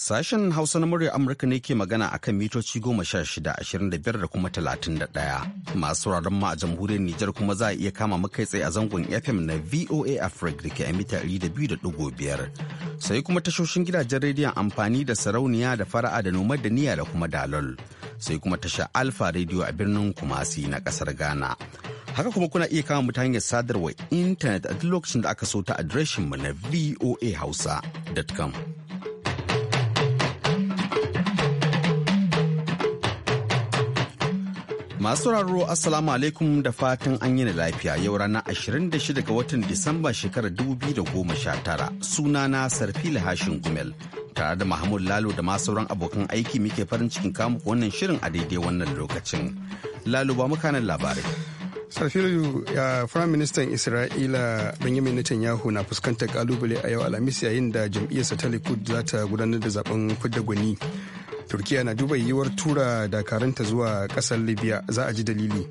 Sashen Hausa na murya Amurka ne ke magana a kan mitoci goma sha shida ashirin da biyar da kuma talatin da ɗaya. Masu sauraron ma a jamhuriyar Nijar kuma za a iya kama makai tsaye a zangon FM na VOA Africa da ke a mita ɗari da biyu da ɗigo biyar. Sai kuma tashoshin gidajen rediyon amfani da sarauniya da fara'a da noma da niyya da kuma dalol. Sai kuma tasha Alfa rediyo a birnin Kumasi na ƙasar Ghana. Haka kuma kuna iya kama mutane ta hanyar sadarwar intanet a duk lokacin da aka so ta mu na voahausa.com. Masu sauraro Assalamu alaikum da fatan an yi lafiya yau ranar 26 ga watan Disamba shekarar 2019 sunana Sarfila Hashin Gumel tare da Mahmud Lalo da masu sauran abokan aiki muke farin cikin kamu wannan shirin a daidai wannan lokacin. Lalo ba mukanan labarai. sarfilu ya firayim ministan isra'ila benjamin netanyahu na fuskantar kalubale a yau alhamis yayin da jam'iyyarsa ta likud za ta gudanar da zaben fidda gwani turkiya na duba yiwuwar tura dakarunta zuwa kasar libya za a ji dalili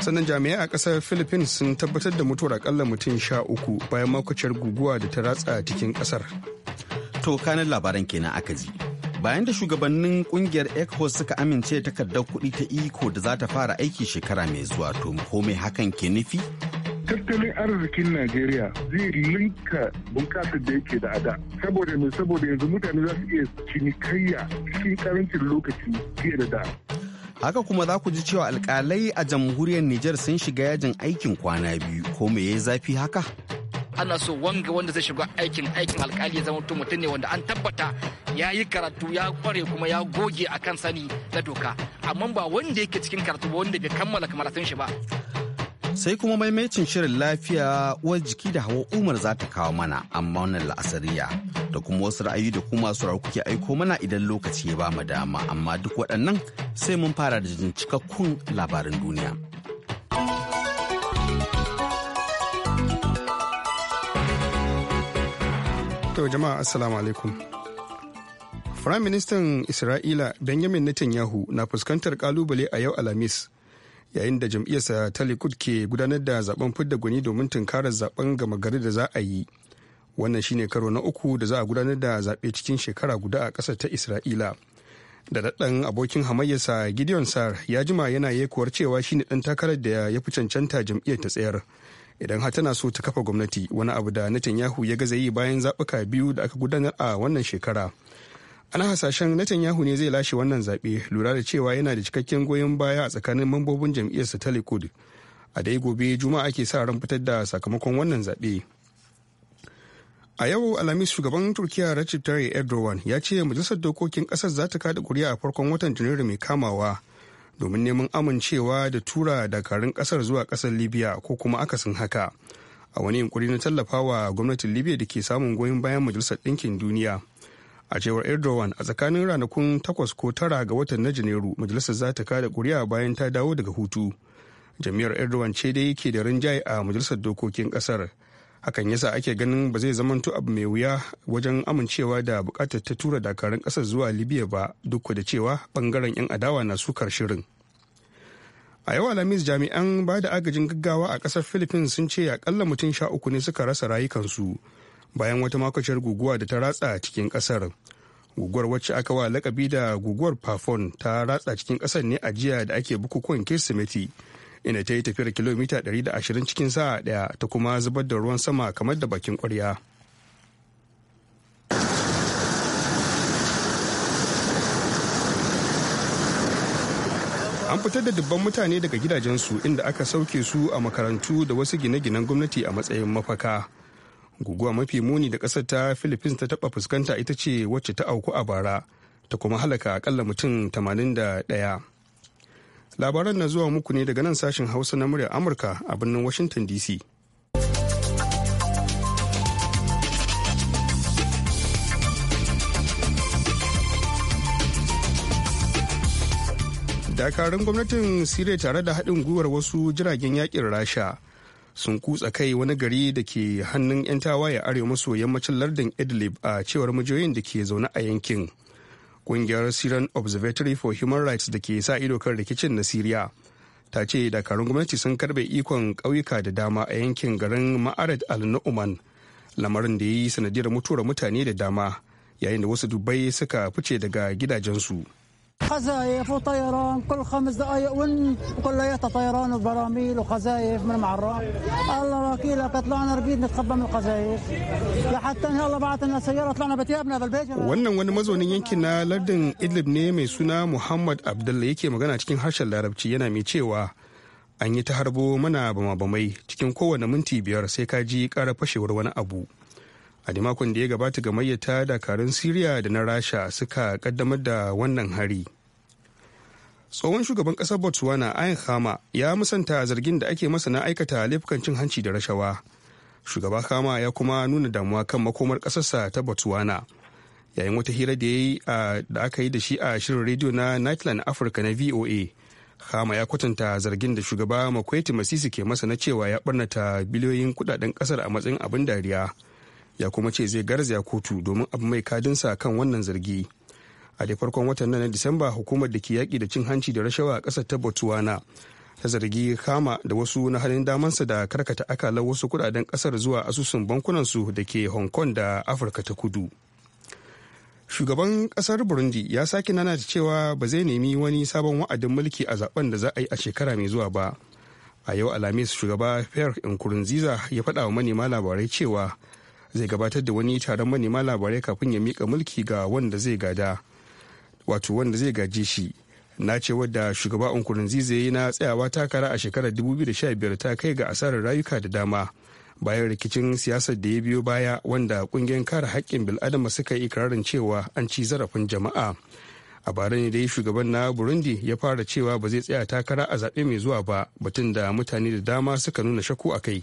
sannan jami'ai a kasar philippines sun tabbatar da mutuwar akalla mutum sha uku bayan makwaciyar guguwa da ta ratsa cikin kasar to kanin labaran kenan aka ji bayan da shugabannin kungiyar ecos suka amince takardar kuɗi ta iko da za ta fara aiki shekara mai zuwa to komai hakan ke nufi tattalin arzikin najeriya zai linka bunƙasar da yake da ada saboda mai saboda yanzu mutane za su iya cinikayya cikin karancin lokaci fiye da da haka kuma za ku ji cewa alkalai a jamhuriyar Nijar sun shiga yajin aikin kwana biyu ko me ya zafi haka? Ana so wanga wanda zai shiga aikin aikin alkali ya zama mutum ne wanda an tabbata ya yi karatu ya kware kuma ya goge a kan sani na doka amma ba wanda yake cikin karatu ba wanda bai kammala maratun shi ba. sai kuma maimacin shirin lafiya uwar jiki da hawa umar za ta kawo mana amma wannan la'asariya da kuma wasu ra'ayi da kuma masu kuke aiko mana idan lokaci ya ba mu dama amma duk waɗannan sai mun fara da jin cikakkun labarin duniya. jama'a assalamu alaikum. Firayim Ministan Isra'ila Benjamin Netanyahu na fuskantar kalubale a yau Alhamis yayin da jam'iyyarsa ta likud ke gudanar da zaben fidda gwani domin tunkarar zaben gama gari da za a yi wannan shine karo na uku da za a gudanar da zaɓe cikin shekara guda a ƙasar ta isra'ila da daɗan abokin hamayyarsa gideon sar ya jima yana yekuwar cewa shine ɗan takarar da ya fi cancanta jam'iyyar ta tsayar idan har tana so ta kafa gwamnati wani abu da netanyahu ya gaza yi bayan zaɓuka biyu da aka gudanar a wannan shekara ana hasashen netanyahu ne zai lashe wannan zaɓe lura da cewa yana da cikakken goyon baya a tsakanin mambobin jam'iyyarsa ta likud a dai gobe juma'a ake sa ran fitar da sakamakon wannan zaɓe a yau alhamis shugaban turkiya recep tayyip erdogan ya ce majalisar dokokin ƙasar za ta kada kuri'a a farkon watan janairu mai kamawa domin neman amincewa da tura dakarun ƙasar zuwa ƙasar libya ko kuma akasin haka a wani yunkuri na tallafawa gwamnatin libya da ke samun goyon bayan majalisar ɗinkin duniya a cewar erdogan a tsakanin ranakun takwas ko tara ga watan na janairu majalisar za ta kada kuri'a bayan ta dawo daga hutu jami'ar erdogan ce dai yake da rinjaye a majalisar dokokin kasar hakan yasa ake ganin ba zai zamanto abu mai wuya wajen amincewa da bukatar ta tura dakarun kasar zuwa libya ba duk da cewa bangaren yan adawa na sukar shirin a yau alhamis jami'an ba da agajin gaggawa a kasar philippines sun ce akalla mutum sha uku ne suka rasa rayukansu bayan wata makwacin guguwa da ta ratsa cikin kasar guguwar wacce aka wa lakabi da guguwar pafon ta ratsa cikin kasar ne a jiya da ake bukukuwan kirsimeti ina ta yi tafiyar kilomita 120 cikin sa'a daya ta kuma zubar da ruwan sama kamar da bakin kwarya an fitar da dubban mutane daga gidajensu inda aka sauke su a makarantu da wasu gine-ginen gwamnati a matsayin mafaka guguwa mafi muni da ƙasar ta philippines ta taba fuskanta ita ce wacce ta auku a bara ta kuma halaka akalla mutum 81 labaran na zuwa muku ne daga nan sashen hausa na muryar amurka a birnin washington dc dakarun gwamnatin sirai tare da haɗin gwiwar wasu jiragen yakin rasha sun kutsa kai wani gari da ke hannun 'yan tawaye arewa maso yammacin lardin idlib a cewar majiyoyin da ke zaune a yankin kungiyar syrian observatory for human rights da ke sa ido kan rikicin na syria ta ce dakarun gwamnati sun karbe ikon ƙauyuka da dama a yankin garin ma'arat al-nu'man lamarin da ya yi sanadiyar mutuwar mutane da dama yayin da wasu dubbai suka fice daga gidajensu. خزايف وطيران كل خمس دقائق ون وكلياتها طيران وبراميل وخزايف من المعراق الله راكي لك طلعنا رقيد نتخبى من الخزايف لحتى ان الله لنا سياره طلعنا بثيابنا في البيت ونن ون مزوني يمكن لدن ادلب نيمي محمد عبد الله يكي مغانا تكين هاشا العربي ينا ميتشيوا an yi ta harbo mana bama bamai cikin kowane minti biyar sai ka ji kara fashewar a da makon da ya gabata gamayyar ta dakarun siriya da na rasha suka kaddamar da wannan hari tsohon shugaban kasar botswana ayan hama ya musanta zargin da ake masa na aikata laifukan cin hanci da rashawa shugaba hama ya kuma nuna damuwa kan makomar kasarsa ta botswana yayin wata hira da ya yi da aka yi da shi a shirin rediyo na nightland africa na voa hama ya kwatanta zargin da shugaba makwaiti masisi ke masa na cewa ya barnata biliyoyin kudaden kasar a matsayin abin dariya ya kuma ce zai garzaya kotu domin abu mai kadinsa kan wannan zargi a da farkon watan nan na disamba hukumar da ke yaƙi da cin hanci da rashawa a ƙasar ta botswana ta zargi kama da wasu na halin damansa da karkata akalar wasu kudaden ƙasar zuwa asusun bankunansu da ke hong kong da afirka ta kudu shugaban ƙasar burundi ya sake nana da cewa ba zai nemi wani sabon wa'adin mulki a zaben da za a yi a shekara mai zuwa ba a yau alhamis shugaba pierre nkurunziza ya faɗa wa manema labarai cewa zai gabatar da wani taron manema labarai kafin ya mika mulki ga wanda zai gada wato wanda zai gaje shi na ce wadda shugaba nkurunziza ya yi na tsayawa takara a shekarar 2015 ta kai ga asarar rayuka da dama bayan rikicin siyasar da ya biyo baya wanda kungiyar kare haƙƙin bil'adama suka yi ikirarin cewa an ci zarafin jama'a a bara ne dai shugaban na burundi ya fara cewa ba zai tsaya takara a zaɓe mai zuwa ba batun da mutane da dama suka nuna shakku a kai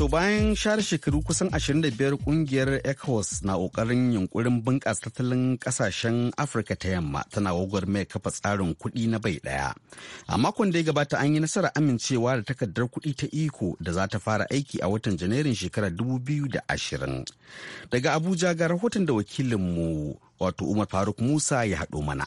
To bayan share shekaru kusan 25 kungiyar ECOWAS na kokarin yunkurin bunƙasa tattalin ƙasashen Afirka ta yamma tana wagwar mai kafa tsarin kuɗi na bai ɗaya. A makon da ya gabata an yi nasarar amincewa da takardar kuɗi ta iko da za ta fara aiki a watan Janairun shekarar 2020. Daga Abuja ga rahoton da wakilinmu wato Umar Faruk Musa ya haɗo mana.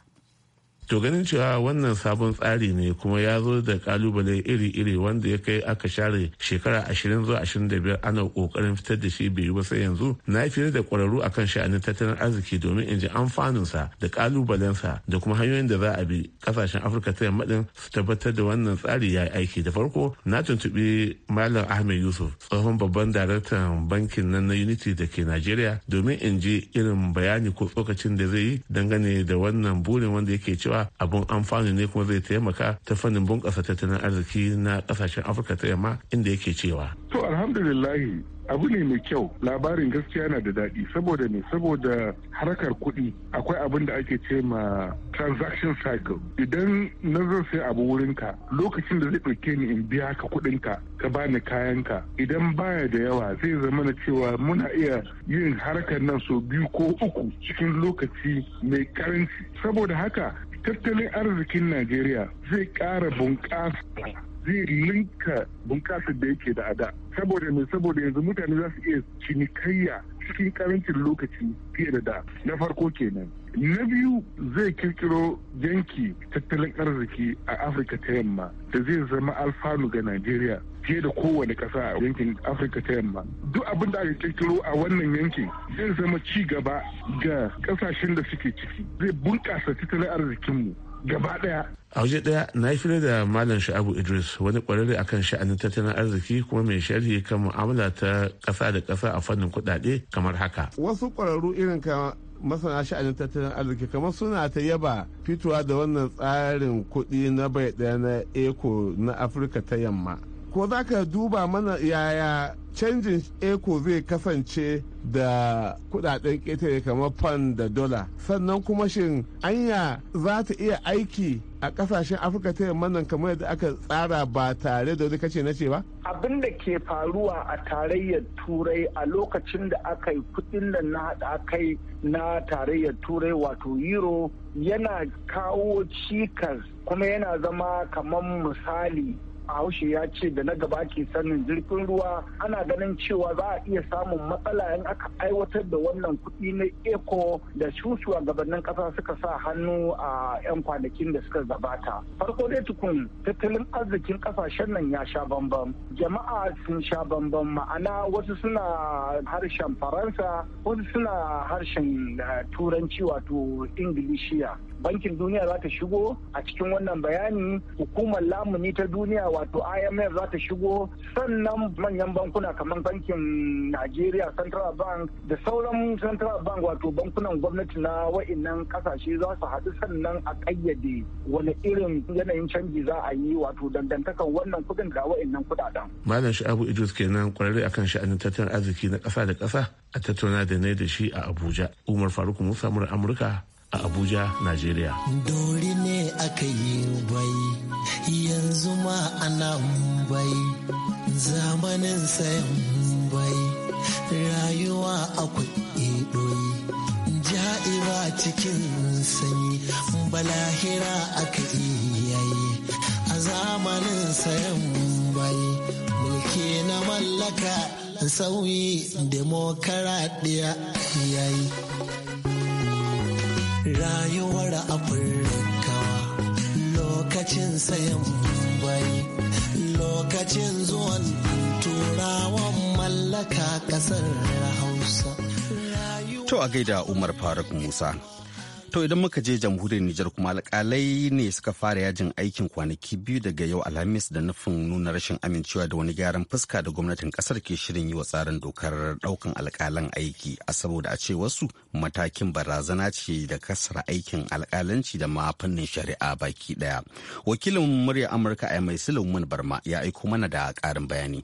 to ganin cewa wannan sabon tsari ne kuma ya zo da kalubale iri-iri wanda ya kai aka share shekara 20 zuwa 25 ana kokarin fitar da shi bai yi ba sai yanzu na yi fiye da kwararru akan sha'anin tattalin arziki domin in ji amfaninsa da kalubalensa da kuma hanyoyin da za a bi kasashen afirka ta yamma din su tabbatar da wannan tsari ya yi aiki da farko na tuntuɓi malam ahmed yusuf tsohon babban daraktan bankin nan na unity da ke nigeria domin in ji irin bayani ko tsokacin da zai yi dangane da wannan burin wanda yake cewa cewa abun amfani ne kuma zai taimaka ta fannin bunƙasa tattalin arziki na ƙasashen afirka ta yamma inda yake cewa to alhamdulillahi abu ne mai kyau labarin gaskiya na da daɗi saboda ne saboda harkar kuɗi akwai abin da ake ce ma transaction cycle idan na zan sai abu wurinka lokacin da zai ɗauke ni in biya ka kuɗinka ka bani kayanka idan baya da yawa zai zama na cewa muna iya yin harkar nan sau biyu ko uku cikin lokaci mai karanci saboda haka tattalin arzikin najeriya zai ƙara bunƙasa zai linka bunƙasar da yake da ada saboda mai saboda yanzu mutane za su iya cinikayya cikin karancin lokaci fiye da da na farko kenan na biyu zai kirkiro yanki tattalin arziki a afirka ta yamma da zai zama alfanu ga najeriya fiye da kowane ƙasa a yankin afirka ta yamma duk abin da aka kirkiro a wannan yankin zai zama ci gaba ga ƙasashen da suke ciki zai bunƙasa tattalin arzikinmu gaba ɗaya a waje daya na yi fira da malam sha'abu idris wani kwararre akan sha'anin tattalin arziki kuma mai sharhi kan mu'amala ta kasa da kasa a fannin kudade kamar haka wasu kwararru irin ka masana sha'anin tattalin arziki kamar suna ta yaba fitowa da wannan tsarin kuɗi na bai daya na eko na afirka ta yamma ko za ka duba mana yaya canjin eco zai kasance da kudaden ƙetare kamar fan da dola sannan kuma shin anya za ta iya aiki a kasashen afirka ta yamma nan kamar yadda aka tsara ba tare da wani kace na ce ba abin da ke faruwa a tarayyar turai a lokacin da aka yi kudin da na haɗa kai na tarayyar turai wato euro yana kawo cikas kuma yana zama kamar misali haushe ya ce da na gaba ke sanin jirgin ruwa ana ganin cewa za a iya samun matsala in aka aiwatar da wannan kuɗi na eco da shushuwa gabanin ƙasa suka sa hannu a 'yan kwanakin da suka gabata farko dai tukun tattalin arzikin ƙasashen nan ya sha bambam jama'a sun sha bambam ma'ana wasu suna harshen faransa wasu suna harshen eh, turanci wato ingilishiya bankin duniya za ta shigo a cikin wannan bayani hukumar lamuni ta duniya wato imf za ta shigo sannan manyan bankuna kamar bankin nigeria central bank da sauran central bank wato bankunan gwamnati na wa'inan kasashe za su haɗu sannan a ƙayyade wani irin yanayin canji za a yi wato dangantakan wannan kuɗin da wa'innan kuɗaɗen. malam sha'abu idris kenan kwararre akan sha'anin tattalin arziki na ƙasa da ƙasa a tattauna da ne da shi a abuja umar faruk musa mura amurka a Abuja, Najeriya. Dori ne aka yi bai, yanzu ma ana bai, zamanin sayan bai, rayuwa akwai doyi. Ja'ira cikin sanyi, balahira aka yayi, a zamanin sayan bai, mulki na mallaka sauyi ya yayi. rayuwar afirka lokacin sayan bai lokacin zuwan turawan mallaka kasar hausa to a gaida umar faruk musa To idan muka je jamhuriyar Nijar kuma alkalai ne suka fara yajin aikin kwanaki biyu daga yau Alhamis da nufin nuna rashin amincewa da wani gyaran fuska da gwamnatin kasar ke shirin yi wa tsarin dokar daukan alkalan aiki a saboda a ce wasu matakin barazana ce da kasar aikin alkalanci da ma fannin shari'a baki daya. Wakilin murya Amurka a mai Sulaiman Barma ya aiko mana da karin bayani.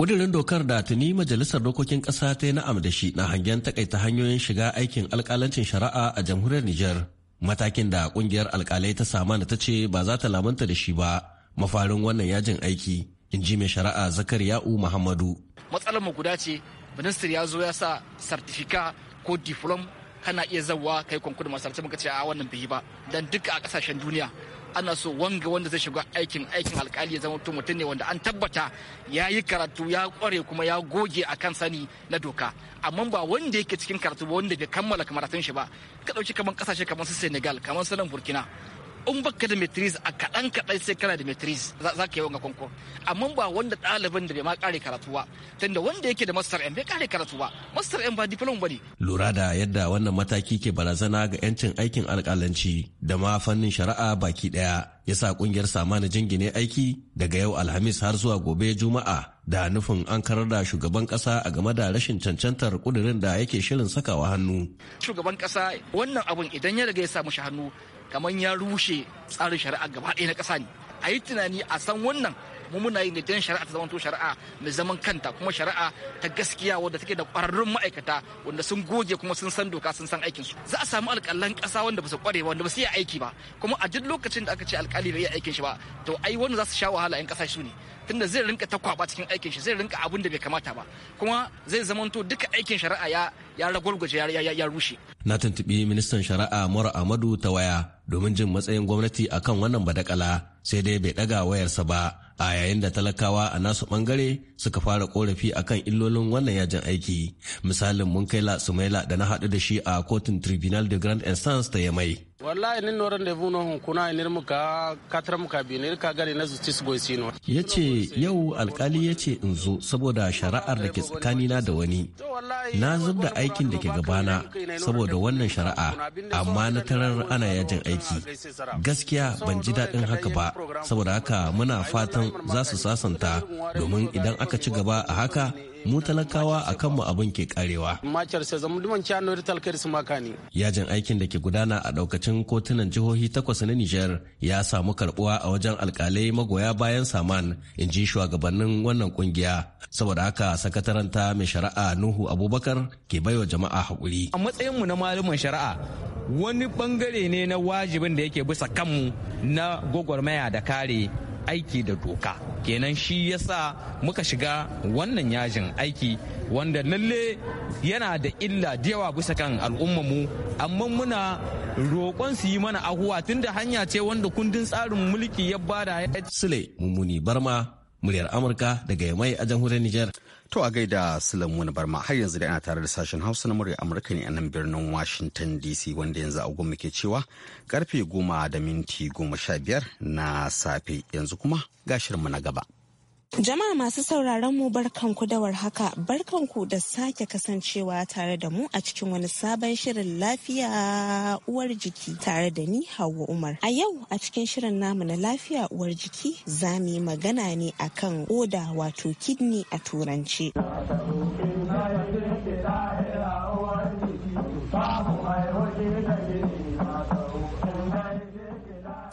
Ƙudurin dokar da tuni Majalisar Dokokin kasa ta yi na'am da shi na hangen takaita hanyoyin shiga aikin alkalancin shari'a a jamhuriyar Nijar. Matakin da ƙungiyar alkalai ta sama da ta ce ba za ta lamunta da shi ba mafarin wannan yajin aiki, in ji mai shari'a ya'u Muhammadu. Matsalar mu guda ce, ministir ya zo ya sa sartifika ko diplom kana iya zawa kai da masu muka ce a wannan bai yi ba dan duka a kasashen duniya ana so wanga wanda zai shiga aikin aikin alkali ya zama mutum ne wanda an tabbata ya yi karatu ya kware kuma ya goge a kan sani na doka amma ba wanda yake cikin karatu ba wanda bai kammala karatun shi ba ka dauki kamar kasashe kamar su senegal kamar su nan burkina in baka da metris a kaɗan kaɗan sai kana da metris za ka yi wanga konko amma ba wanda ɗaliban da bai ma ƙare karatu ba tunda wanda yake da master m bai ƙare karatu ba master m ba diploma ba ne. lura da yadda wannan mataki ke barazana ga 'yancin aikin alƙalanci da ma fannin shari'a baki ɗaya ya sa ƙungiyar samana jingine aiki daga yau alhamis har zuwa gobe juma'a da nufin an karar da shugaban kasa a game da rashin cancantar kudirin da yake shirin sakawa hannu. Shugaban ƙasa wannan abun idan ya riga ya sa mushi hannu kamar ya rushe tsarin shari'a gaba ɗaya na ƙasa ne a yi tunani a san wannan mu muna yi ne don shari'a ta zamanto shari'a mai zaman kanta kuma shari'a ta gaskiya wadda take da ƙwararrun ma'aikata wanda sun goge kuma sun san doka sun san aikinsu za a samu alƙalan ƙasa wanda ba su ƙware ba wanda ba su iya aiki ba kuma a duk lokacin da aka ce alƙali bai iya aikin shi ba to ai wanda za su sha wahala 'yan ƙasa su ne tunda zai rinka ta kwaba cikin aikin shi zai rinka abun da bai kamata ba kuma zai zamanto duka aikin shari'a ya ya ragwargwaje ya rushe na tuntubi ministan shari'a mura amadu ta waya domin jin matsayin gwamnati akan wannan badakala sai dai bai daga wayarsa ba a yayin da talakawa a nasu bangare suka fara korafi akan illolin wannan yajin aiki misalin mun kai la da na haɗu da shi a kotun tribunal de grand instance ta yamai wallahi nin noran da vuno hun kuna inir muka katar muka bi ne ka gari na justice sino yace yau alkali yace in zo saboda shari'ar da ke tsakanina da wani na zub da aikin da ke gabana saboda wannan shari'a amma na tarar ana yajin aiki gaskiya ban ji dadin haka ba saboda haka muna fatan za su sasanta domin idan aka ci gaba a haka mu talakawa a kanmu abin ke karewa. Yajin aikin da ke gudana a daukacin kotunan jihohi takwas na Nijar ya samu karbuwa a wajen alkalai magoya bayan saman in ji shugabannin wannan kungiya. Saboda haka sakataranta mai shari'a Nuhu Abubakar ke baiwa jama'a haƙuri. A matsayinmu na malaman shari'a wani bangare ne na wajibin da yake bisa kanmu na gwagwarmaya da kare aiki da doka kenan shi yasa muka shiga wannan yajin aiki wanda lalle yana da illa da yawa bisa kan al'ummarmu amma muna roƙon su yi mana ahuwa tunda hanya ce wanda kundin tsarin mulki ya bada ya sule mummuni barma muryar amurka daga yamai a jamhuriyar niger To a gaida Sulan wani barma har yanzu da ana tare da sashen Hausa na murya Amurka ne a nan birnin Washington DC wanda yanzu mu ke cewa karfe goma da minti goma sha biyar na safe yanzu kuma gashirinmu na gaba. Jama'a masu sauraron mu barkanku da warhaka barkanku da sake kasancewa tare da mu a cikin wani sabon shirin lafiya uwar jiki tare da ni Hauwa Umar. A yau a cikin shirin namu na lafiya uwar jiki za mu yi magana ne akan oda wato kidney a turanci.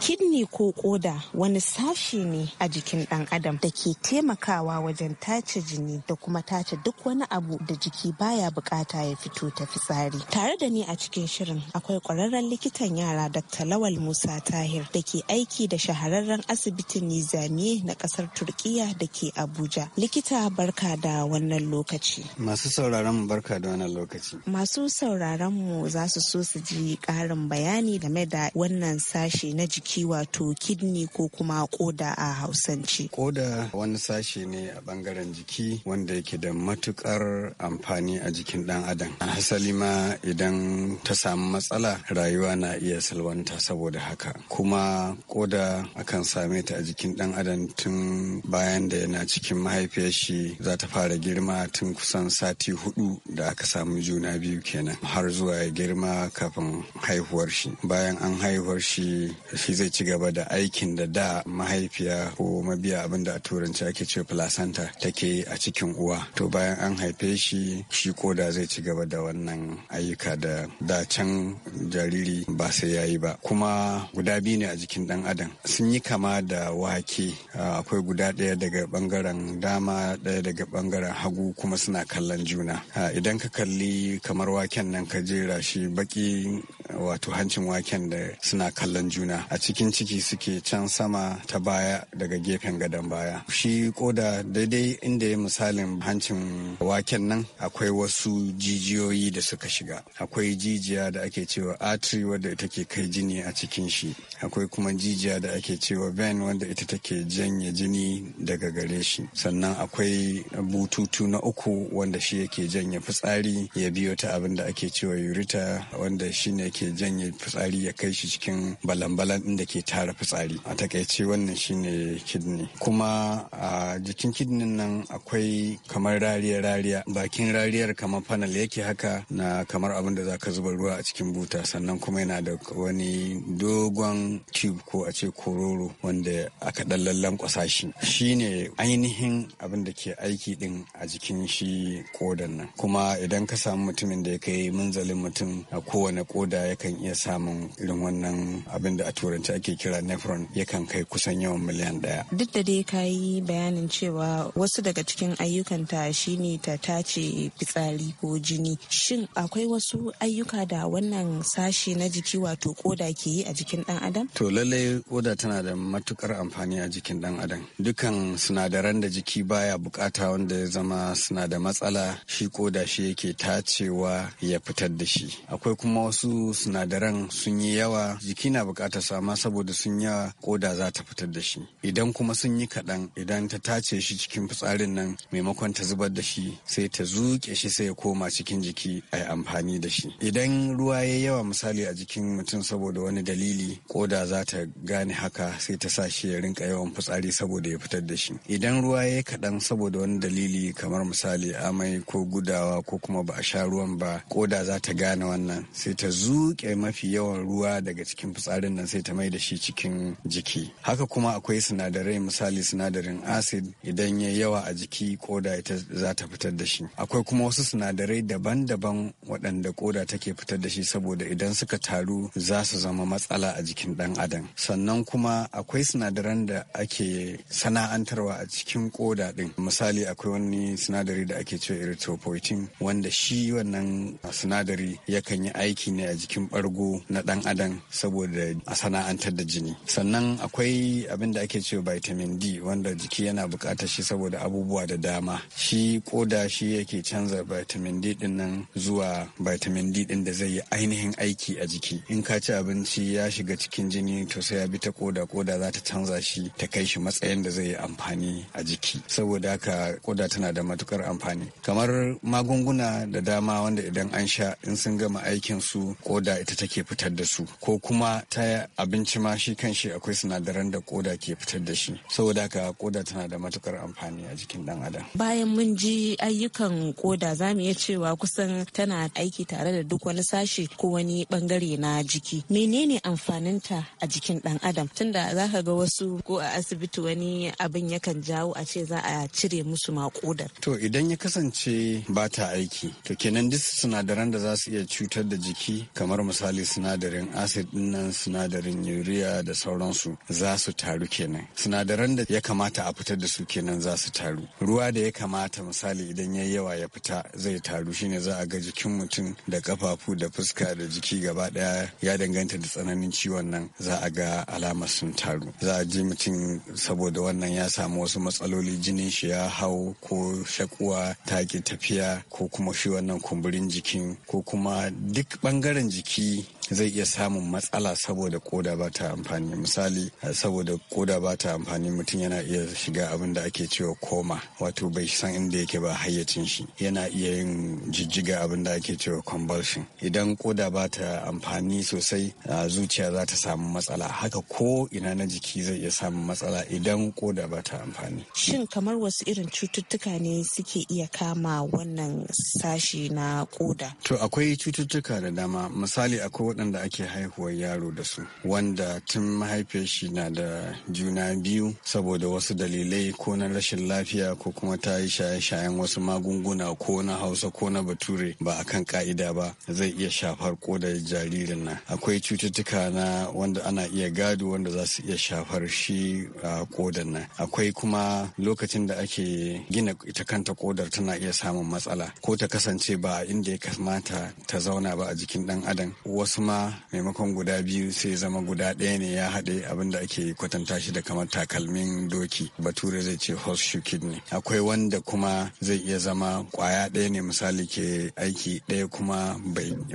kidney ko koda wani sashi ne a jikin dan adam da ke taimakawa wajen tace jini da kuma tace duk wani abu da jiki baya bukata ya fito ta fitsari tare da ni a cikin shirin akwai kwararren likitan yara dr lawal musa tahir da ke aiki da shahararren asibitin nizamiye na kasar turkiya da ke abuja likita barka da wannan lokaci masu sauraron mu barka da wannan lokaci masu sauraron mu za su so su ji karin bayani game da wannan sashi na jiki ciki wato kidney ko kuma koda a hausance. Koda wani sashe ne a bangaren jiki wanda yake da matukar amfani a jikin dan adam. A Hasali ma idan ta samu matsala rayuwa na iya salwanta saboda haka. Kuma koda akan same ta a jikin dan adam tun bayan da yana cikin mahaifiyar shi za ta fara girma tun kusan sati hudu da aka samu juna biyu kenan har zuwa ya girma kafin haihuwar shi. Bayan an haihuwar shi shi zai zai ci gaba da aikin da da mahaifiya ko mabiya abin da a turanci ake ce placenta take a cikin uwa to bayan an haife shi shi koda zai ci gaba da wannan ayyuka da da can jariri ba sai yayi ba kuma guda biyu ne a jikin dan adam sun yi kama da wake akwai guda ɗaya daga bangaren dama ɗaya daga bangaren hagu kuma suna kallon juna idan ka kalli kamar waken nan ka jera shi baki wato hancin waken da suna kallon juna a cikin ciki suke can sama ta baya daga gefen gadon baya shi koda daidai inda ya misalin hancin waken nan akwai wasu jijiyoyi da suka shiga akwai jijiya da ake cewa artery wadda ke kai jini a cikin shi akwai kuma jijiya da ake cewa vein wanda ita take janye jini daga gare shi sannan akwai bututu na uku wanda shi yake janye fitsari ya biyo ta abin da ake cewa Yurita wanda shi ne Ke janye fitsari ya kai shi cikin balan-balan inda ke tara fitsari a takaice wannan shine kidney kuma a jikin kidney nan akwai kamar rariya-rariya bakin rariyar kamar panel yake haka na kamar abin da zaka zuba ruwa a cikin buta sannan kuma yana da wani dogon tube ko a ce kororo wanda aka dan lallan kwasa shi shine ainihin abin da ke aiki din a jikin shi kodan nan kuma idan ka samu mutumin da ya kai munzalin mutum a kowane koda yakan iya samun irin wannan abin da a turanci ake kira nephron yakan kai kusan yawan miliyan daya duk da dai ka yi bayanin cewa wasu daga cikin ayyukanta shine ta tace fitsari ko jini shin akwai wasu ayyuka da wannan sashi na jiki wato koda ke yi a jikin dan adam to lallai koda tana da matukar amfani a jikin dan adam dukan sinadaran da jiki baya bukata wanda ya zama suna da matsala shi koda shi yake tacewa ya fitar da shi akwai kuma wasu sinadaran sun yi yawa jiki na bukatar sama saboda sun yawa koda za ta fitar da shi idan kuma sun yi kaɗan idan ta tace shi cikin fitsarin nan maimakon ta zubar da shi sai ta zuke shi sai ya koma cikin jiki a amfani da shi idan ruwa ya yawa misali a jikin mutum saboda wani dalili koda za ta gane haka sai ta sa shi ya rinka yawan fitsari saboda ya fitar da shi idan ruwa ya kaɗan saboda wani dalili kamar misali amai ko gudawa ko kuma ba a sha ruwan ba koda za ta gane wannan sai ta zuke zuke mafi yawan ruwa daga cikin fitsarin nan sai ta mai da shi cikin jiki haka kuma akwai sinadarai misali sinadarin acid idan ya yawa a jiki koda ita za ta fitar da shi akwai kuma wasu sinadarai daban-daban waɗanda koda take fitar da shi saboda idan suka taru za su zama matsala a jikin ɗan adam sannan kuma akwai sinadaran da ake sana'antarwa a cikin koda ɗin misali akwai wani sinadari da ake cewa erythropoietin wanda shi wannan sinadari yakan yi aiki ne a jikin cikin bargo na dan adam saboda a sana'antar da jini sannan akwai abin da ake cewa vitamin d wanda jiki yana buƙatar shi saboda abubuwa da dama shi koda shi yake canza vitamin d din nan zuwa vitamin d din da zai yi ainihin aiki a jiki in ka ci abinci ya shiga cikin jini to sai ya bi ta koda koda za ta canza shi ta kai shi matsayin da zai yi amfani a jiki saboda haka koda tana da matukar amfani kamar magunguna da dama wanda idan an sha in sun gama aikin su ko koda ita take fitar da su ko kuma ta abinci ma shi kan shi akwai sinadaran da koda ke fitar da shi saboda haka koda tana da matukar amfani a jikin dan adam bayan mun ji ayyukan koda za mu iya cewa kusan tana aiki tare da duk wani sashi ko wani bangare na jiki menene amfanin ta a jikin dan adam tunda za ka ga wasu ko a asibiti wani abin yakan jawo a ce za a cire musu makodar to idan ya kasance ba ta aiki to kenan duk sinadaran da za su iya cutar da jiki kamar kamar misali sinadarin acid nan sinadarin urea da sauransu za su taru kenan sinadaran da ya kamata a fitar da su kenan za su taru ruwa da ya kamata misali idan ya yawa ya fita zai taru shine za a ga jikin mutum da kafafu da fuska da jiki gaba daya ya danganta da tsananin ciwon nan za a ga alamar sun taru za a ji mutum saboda wannan ya samu wasu matsaloli jinin shi ya hau ko shakuwa ta tafiya ko kuma shi wannan kumburin jikin ko kuma duk bangaren key. zai iya samun matsala saboda koda ba ta amfani misali saboda koda ba ta amfani mutum yana iya shiga abin da ake cewa koma wato bai san inda yake ba hayyacin shi yana iya yin jijjiga abin da ake cewa convulsion idan koda ba ta amfani sosai zuciya za ta samu matsala haka ko ina na jiki zai iya samun matsala idan koda ba ta amfani shin kamar wasu irin cututtuka ne suke iya kama wannan sashi na koda to akwai cututtuka da dama misali akwai waɗanda ake haihuwar yaro da su wanda tun mahaifiyar shi na da juna biyu saboda wasu dalilai ko na rashin lafiya ko kuma ta yi shaye-shayen wasu magunguna ko na hausa ko na bature ba a kan ka'ida ba zai iya shafar kodar jaririn nan akwai cututtuka na wanda ana iya gado wanda za su iya shafar shi a kodar nan akwai kuma lokacin da ake gina ita kanta kodar tana iya samun matsala ko ta kasance ba inda ya kamata ta zauna ba a jikin dan adam wasu ma maimakon guda biyu sai zama guda ɗaya ne ya haɗe abin da ake kwatanta shi da kamar takalmin doki bature zai ce horseshoe kidney akwai wanda kuma zai iya zama ƙwaya ɗaya ne misali ke aiki ɗaya kuma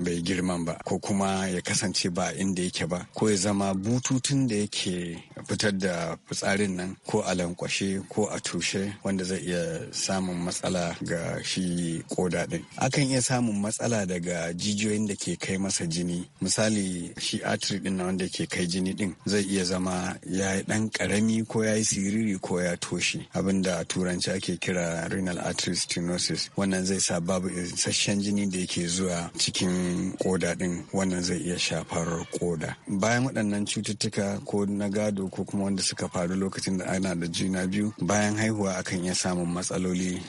bai girman ba ko kuma ya kasance ba inda yake ba ko ya zama bututun da yake fitar da fitsarin nan ko a lankwashe ko a tushe wanda zai iya samun matsala ga shi koda ɗin akan iya samun matsala daga jijiyoyin da ke kai masa jini misali shi artery din na wanda ke kai jini din zai iya zama ya yi dan karami ko ya yi siriri ko ya toshe abinda a turanci ake kira renal artery stenosis wannan zai sa babu isasshen jini da yake zuwa cikin koda din wannan zai iya shafar koda bayan waɗannan cututtuka ko na gado ko kuma wanda suka faru lokacin da ana da juna biyu bayan haihuwa akan iya samun matsaloli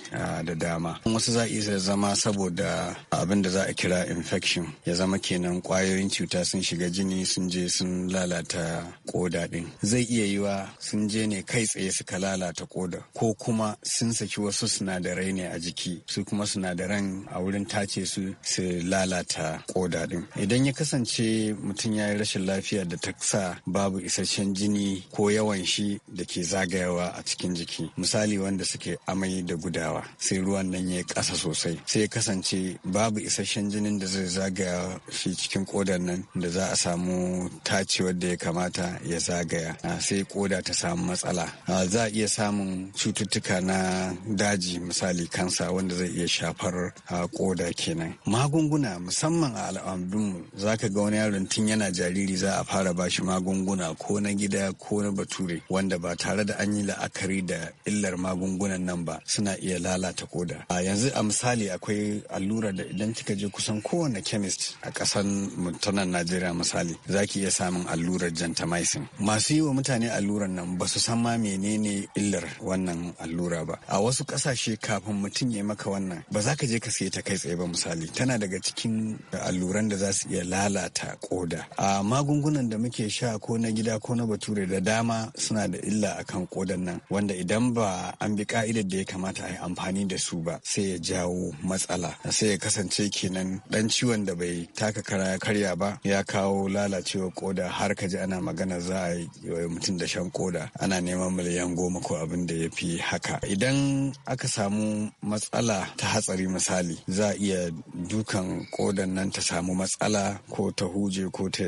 da dama wasu za iya zama saboda abin da za a kira infection ya zama kenan kwayoyin kwayoyin cuta sun shiga jini sun je sun lalata koda din zai iya yiwa sun je ne kai tsaye suka lalata koda ko kuma sun saki wasu sinadarai ne a jiki su kuma sinadaran a wurin tace su su lalata koda din idan ya kasance mutum ya yi rashin lafiya da ta sa babu isasshen jini ko yawan shi da ke zagayawa a cikin jiki misali wanda suke amai da gudawa sai ruwan nan ya kasa sosai sai ya kasance babu isasshen jinin da zai zagaya shi cikin koda sigar nan da za a samu tacewar wadda ya kamata ya zagaya sai koda ta samu matsala za a iya samun cututtuka na daji misali kansa wanda zai iya shafar koda kenan magunguna musamman a al'adun za ka ga wani yaron tun yana jariri za a fara bashi magunguna ko na gida ko na bature wanda ba tare da an yi la'akari da illar magungunan nan ba suna iya lalata koda a yanzu a misali akwai allura da idan kika je kusan kowane chemist a kasan ta nan najeriya misali za ki iya samun allurar gentamicin masu yi wa mutane allurar nan ba su san ma menene illar wannan allura ba a wasu kasashe kafin mutum ya maka wannan ba za ka je ka sai ta kai tsaye ba misali tana daga cikin alluran da za su iya lalata koda a magungunan da muke sha ko na gida ko na bature da dama suna da illa akan kodan nan wanda idan ba an bi ka'idar da ya kamata a yi amfani da su ba sai ya jawo matsala sai ya kasance kenan dan ciwon da bai taka kara karya shirya ba ya kawo lalacewa koda har ka ji ana magana za a yi mutum da shan koda ana neman miliyan goma ko abin da ya fi haka idan aka samu matsala ta hatsari misali za a iya dukan kodan nan ta samu matsala ko ta huje ko ta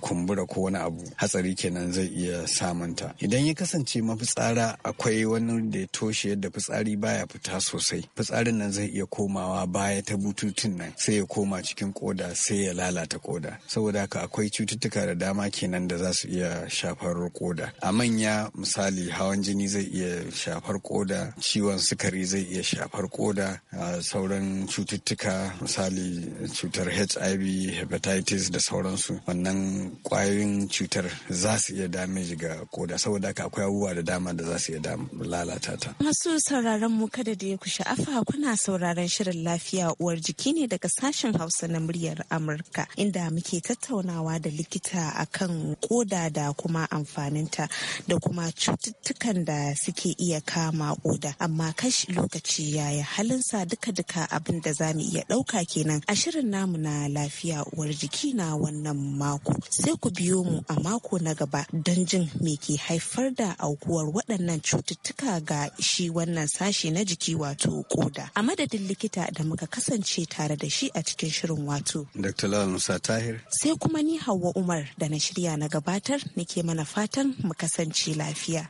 kumbura ko wani abu hatsari kenan zai iya samunta idan ya kasance mafitsara akwai wani da ya toshe yadda fitsari baya fita sosai fitsarin nan zai iya komawa baya ta bututun nan sai ya koma cikin koda sai ya lalata koda saboda haka akwai cututtuka da dama kenan da za su iya shafar koda a manya misali hawan jini zai iya shafar koda ciwon sukari zai iya shafar koda sauran cututtuka misali cutar hiv hepatitis da sauransu wannan kwayoyin cutar za su iya damage ga koda saboda haka akwai abubuwa da dama da za su iya lalata ta masu sauraron mu kada da ya ku sha'afa kuna sauraron shirin lafiya uwar jiki ne daga sashen hausa na muryar amurka inda da muke tattaunawa da likita akan koda da kuma amfaninta da kuma cututtukan da suke iya kama koda amma kashi lokaci yaya halinsa duka-duka abin da za mu iya ɗauka kenan a shirin namu na lafiya uwar jiki na wannan mako sai ku biyo mu a mako na gaba don jin me ke haifar da aukuwar waɗannan cututtuka ga shi wannan sashi na jiki wato koda a madadin likita da muka kasance tare da shi a cikin shirin wato. Dr. Musa Tahir. Sai kuma ni Hauwa Umar da na shirya na gabatar nake mana fatan mu kasance lafiya.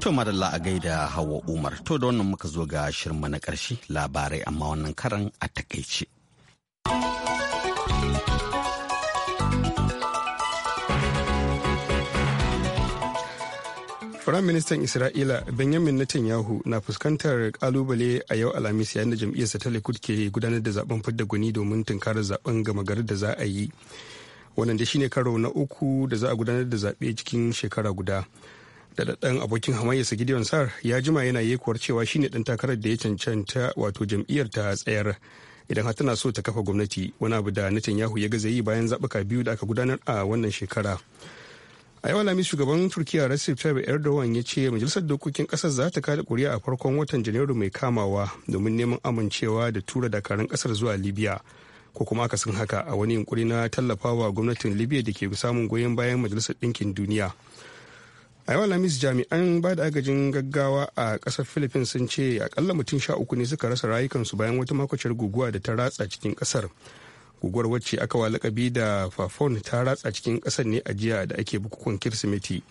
To madalla a gaida Hawa Umar, to da wannan muka zo ga shirma na ƙarshe labarai amma wannan karan a takaice. Firaministan Isra'ila Benjamin Netanyahu na fuskantar kalubale a yau Alhamis yayin da jam'iyyarsa ta Likud ke gudanar da zaben fidda gwani domin tunkarar zaben gama gari da za a yi. Wannan da shine karo na uku da za a gudanar da zaɓe cikin shekara guda. Daɗaɗɗen abokin hamayyarsa Gideon Sar ya jima yana yekuwar cewa shine ɗan takarar da ya cancanta wato jam'iyyar ta tsayar. Idan har tana so ta kafa gwamnati wani abu da Netanyahu ya gaza yi bayan zaɓuka biyu da aka gudanar a wannan shekara. a yau alhamis shugaban turkiya recep tayyip erdogan ya ce majalisar dokokin kasar za ta kada kuri'a a farkon watan janairu mai kamawa domin neman amincewa da tura dakarun kasar zuwa libya ko kuma aka sun haka a wani yunkuri na tallafawa gwamnatin libya da ke samun goyon bayan majalisar ɗinkin duniya a yau alhamis jami'an ba da agajin gaggawa a kasar philippines sun ce akalla mutum sha uku ne suka rasa rayukansu bayan wata makwacin guguwa da ta ratsa cikin kasar. guguwar wacce aka wa lakabi da fafon ta ratsa cikin kasar ne a jiya da ake bukukuwan kirsimeti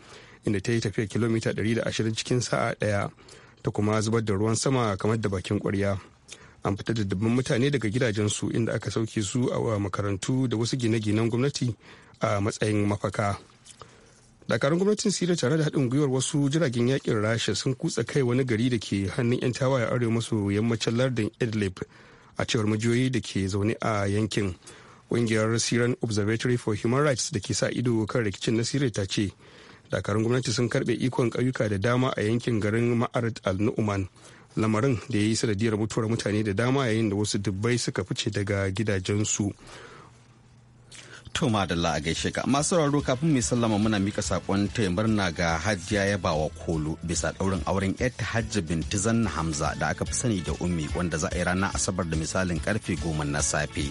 inda ta yi tafiya kilomita 120 cikin sa'a daya ta kuma zubar da ruwan sama kamar da bakin kwarya an fita da dubban mutane daga gidajensu inda aka sauke su a makarantu da wasu gine-ginen gwamnati a matsayin mafaka dakarun gwamnatin sirri tare da haɗin gwiwar wasu jiragen yakin rasha sun kutsa kai wani gari da ke hannun 'yan tawaye arewa maso yammacin lardin idlib a cewar majiyoyi da ke zaune a yankin kungiyar syrian observatory for human rights da ke sa ido kan rikicin na syria ta ce dakarun gwamnati sun karbe ikon ƙauyuka da dama a yankin garin ma'arat al-nu'man lamarin da ya yi sanadiyar mutuwar mutane da dama yayin da wasu dubbai suka fice daga gidajensu To madalla a gaishe ka masu sauraro kafin mai sallama muna mika sakon taya murna ga hajjiya ya bawa Kolo bisa daurin auren yarta Hajji binti Zanna Hamza da aka fi sani da Ummi wanda za a yi ranar Asabar da misalin karfe goma na safe.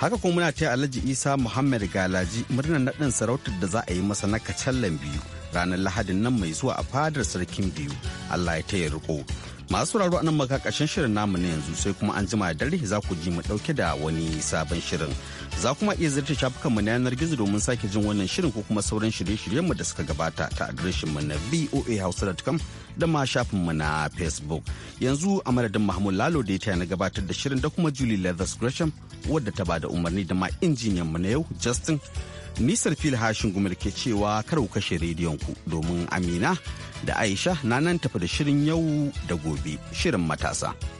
Haka kuma muna taya Alhaji Isa Muhammad Galaji murnar naɗin sarautar da za a yi masa na kacallan biyu ranar Lahadin nan mai zuwa a fadar sarkin biyu. Allah ya ya riko. masu sauraro anan maka shirin namu na yanzu sai kuma an jima dare za ku ji mu ɗauke da wani sabon shirin za kuma iya ziyarta shafukan mu na yanar gizo domin sake jin wannan shirin ko kuma sauran shirye-shiryen mu da suka gabata ta adireshin mu na voahausa.com da ma shafin mu na facebook yanzu a madadin mahmud lalo da ya na gabatar da shirin da kuma julie leathers gresham wadda ta bada umarni da ma injiniyan mu na yau justin nisar fil hashin gumil ke cewa kar ku kashe rediyon ku domin amina da Aisha na nan tafi da shirin yau da gobe shirin matasa.